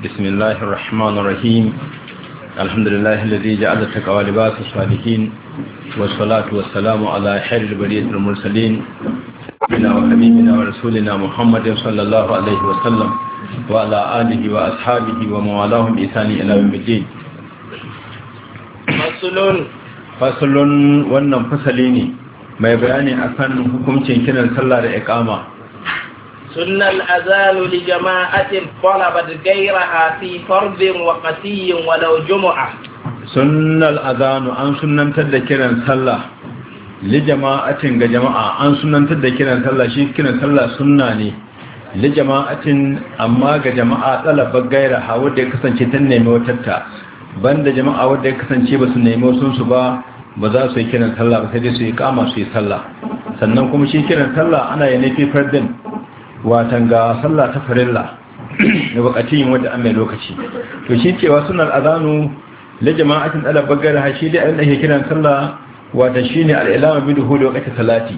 بسم الله الرحمن الرحيم الحمد لله الذي جعل التقوى لباس الصالحين والصلاة والسلام على خير البرية المرسلين سيدنا وحبيبنا ورسولنا محمد صلى الله عليه وسلم وعلى آله وأصحابه وموالاهم إنسان إلى يوم الدين فصل فصل ونم فصليني ما يبياني أكن حكم تنكين الصلاة لإقامة سن الأذان لجماعة طلبت غيرها في فرض وقتي ولو جمعة سن الأذان أن سنن تذكرا صلى لجماعة جماعة sunantar da تذكرا صلى shi kiran صلى suna ne lijama'atin amma ga jama'a gaira ha wadda ya kasance ta nemi watarta banda jama'a wadda ya kasance ba su nemi wasunsu ba ba za su yi kiran sallah ba sai dai su yi kama su yi sallah sannan kuma shi kiran sallah ana yi nufi fardin watan ga sallah ta farilla da bukatun wanda an mai lokaci to shi cewa sunan azanu la jama'atin ala bagara shi dai an da ke kiran sallah watan shine al-ilama bi duhul waqti salati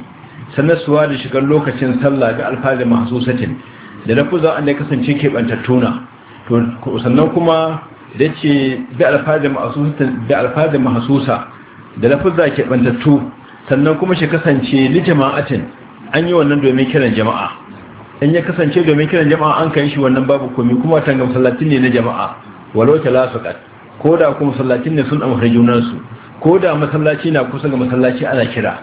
suwa da shigar lokacin sallah ga alfazi mahsusatin da na lafuza an da kasance ke tuna to sannan kuma da ce bi alfazi mahsusatin da alfazi mahsusa da lafuza ke bantattu sannan kuma shi kasance li jama'atin an yi wannan domin kiran jama'a in ya kasance domin kiran jama'a an kai shi wannan babu komi kuma tanga musallatin ne na jama'a walau talasuqat ko da kuma musallatin ne sun amfani junansu ko da masallaci na kusa ga masallaci ana kira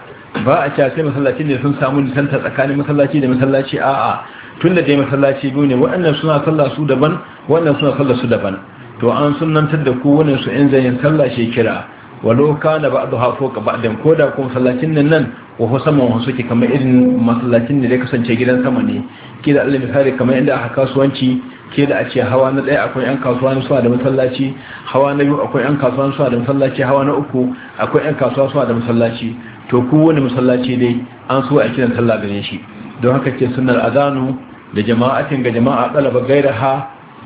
ba a ce sai masallaci ne sun samu nisanta tsakanin masallaci da masallaci a'a tun da dai masallaci biyu ne waɗannan suna sallah su daban waɗannan suna sallah su daban to an sunnantar da ku wannan su in zayin sallah shi kira walau kana ba'du hafo ka ba'dan ko da kuma masallacin nan wahu saman wasu suke kamar irin masallacin da zai kasance gidan sama ne ke da allah misali kamar inda aka kasuwanci ke da a ce hawa na ɗaya akwai yan kasuwa na suwa da masallaci hawa na biyu akwai yan kasuwa na suwa da masallaci hawa na uku akwai yan kasuwa suwa da masallaci to ku wani masallaci dai an so a kiran sallah gare shi don haka ce sunnar azanu da jama'atin ga jama'a ɗalaba gairaha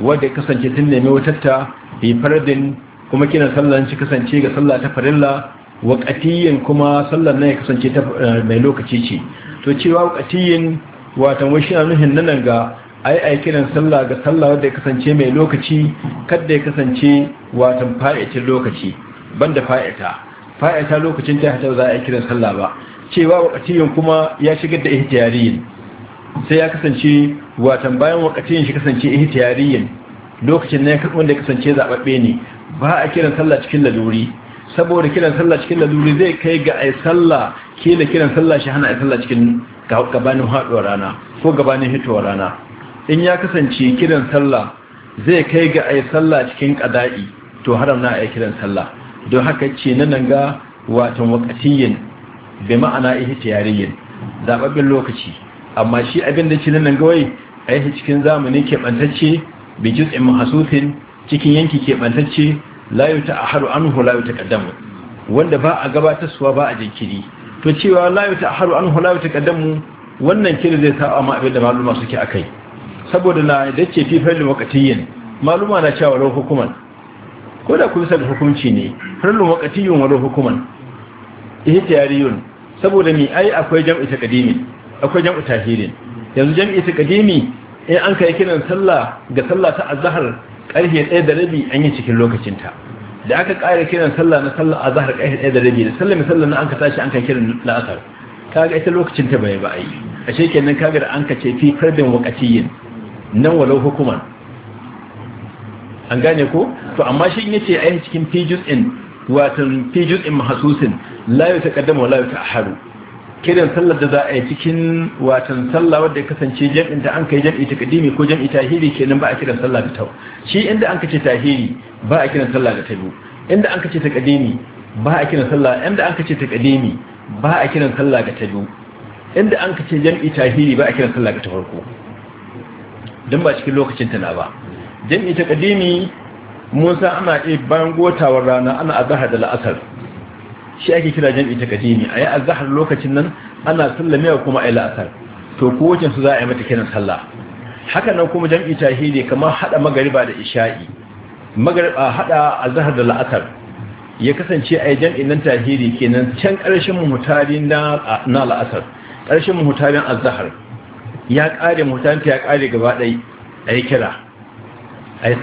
wadda kasance tun nemi ta bi fardin kuma kiran sallah shi kasance ga sallah ta farilla waƙatiyin kuma sallar nan ya kasance eh, mai lokaci ce to cewa waƙatiyin watan wai na nuhin nan ga ai ai kiran sallah ga sallah wadda ya kasance mai lokaci kadda ya kasance watan fa'icin lokaci banda fa'aita fa'aita lokacin ta hata za a yi kiran sallah ba cewa waƙatiyin kuma ya shigar da ihtiyariyin sai ya kasance watan bayan waƙatiyin shi kasance ihtiyariyin lokacin ne wanda ya kasance zaɓaɓɓe ne ba a kiran sallah cikin laluri saboda kiran sallah cikin laluri zai kai ga ai sallah ke da kiran sallah shi hana ai sallah cikin gabanin haɗuwar rana ko gabanin hitowar rana in ya kasance kiran sallah zai kai ga ai sallah cikin ƙada'i to haram na ai kiran sallah don haka ce na nan ga watan wakatiyin bai ma'ana ihe tiyariyin zababin lokaci amma shi abin da ce na nan gawai a cikin zamani keɓantacce bijis in mahasusin cikin yanki keɓantacce la yuta aharu anhu la yuta kaddamu wanda ba a gabatarsuwa ba a jinkiri to cewa la yuta aharu anhu la yuta kaddamu wannan kiri zai sa amma abin da maluma suke akai saboda na da ce fi fa'il wakatiyin maluma na cewa law hukuman ko da kun sabbi hukunci ne fa'il wakatiyin wa law hukuman tayariyun saboda ni ai akwai jam'i kadimi akwai jam'i tahirin yanzu jam'i kadimi in an kai kiran sallah ga sallah ta azhar karfe ɗaya da rabi an yi cikin lokacinta da aka ƙara kiran sallah na sallah a zahar ƙarfe ɗaya da rabi da sallah mai sallah na an ka tashi an ka kiran la'asar kaga ita lokacinta bai ba a yi a shekenan kaga da an ka ce fi fardin yin nan walau hukuman an gane ko to amma shi ne ce a yi cikin fijus in, watan fijus in mahasusin layu ta kaddama wa layu ta haru kiran sallar da za a yi cikin watan sallah wadda ya kasance jam'in da an kai jam'i ta kadimi ko jam'i tahiri kenan ba a kiran sallah da tau shi inda an kace tahiri ba a kiran sallah da tabu inda an kace ta kadimi ba a kiran sallah inda an kace ta kadimi ba a kiran sallah da tabu inda an kace jam'i tahiri ba a kiran sallah da ta farko dan ba cikin lokacin ta na ba jam'i ta kadimi mun san ana iya bayan gotawar rana ana azhar da la'asar shi ake kira jam'i ta kadimi yi azahar lokacin nan ana sallame kuma ayi la'asar to kowacin su za a yi mata kiran sallah haka nan kuma jam'i tahidi kamar hada magariba da isha'i magariba haɗa azahar da la'asar ya kasance ayi jam'i nan ta tahidi kenan can karshen mutari na la'asar karshen mutarin azahar ya kare muhtarin ya kare gaba dai yi kira